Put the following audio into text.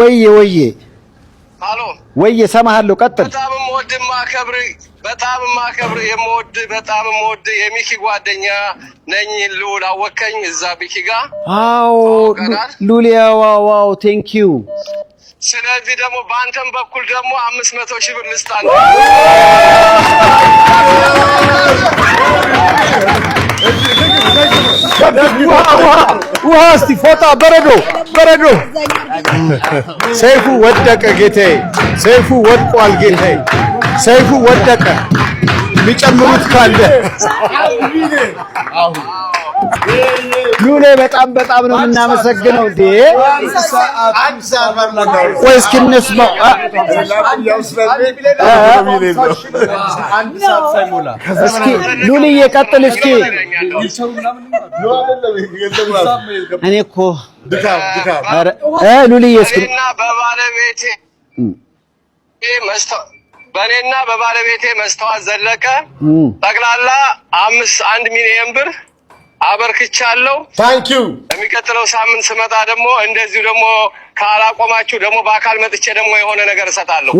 ወይዬ ወይዬ ወይዬ እሰማሃለሁ። ቀጥል። በጣም የምወድ በጣም የምወድ በጣም የምወድ የሚኪ ጓደኛ ነኝ። ልውል አወከኝ እዛ ቢኪ ጋር። አዎ ዋው ቴንክ ዩ። ስለዚህ ደግሞ በአንተም በኩል ደግሞ አምስት መቶ ሺህ ብር ውሃ እስቲ ፎጣ፣ በረዶ በረዶ። ሰይፉ ወደቀ ጌታዬ፣ ሰይፉ ወድቋል ጌታዬ፣ ሰይፉ ወደቀ። የሚጨምሩት ካለ ሉሌ በጣም በጣም ነው የምናመሰግነው። እንዴ ቆይ እስኪ እንስማው። እስኪ ሉልዬ ቀጥል። እስኪ እኔ እኮ ሉልዬ እስኪ በእኔና በባለቤቴ መስተዋት ዘለቀ ጠቅላላ አምስት አንድ ሚሊዮን ብር አበርክቻለሁ። ታንክ ዩ። የሚቀጥለው ሳምንት ስመጣ ደግሞ እንደዚሁ ደግሞ ካላቆማችሁ ደግሞ በአካል መጥቼ ደግሞ የሆነ ነገር እሰጣለሁ።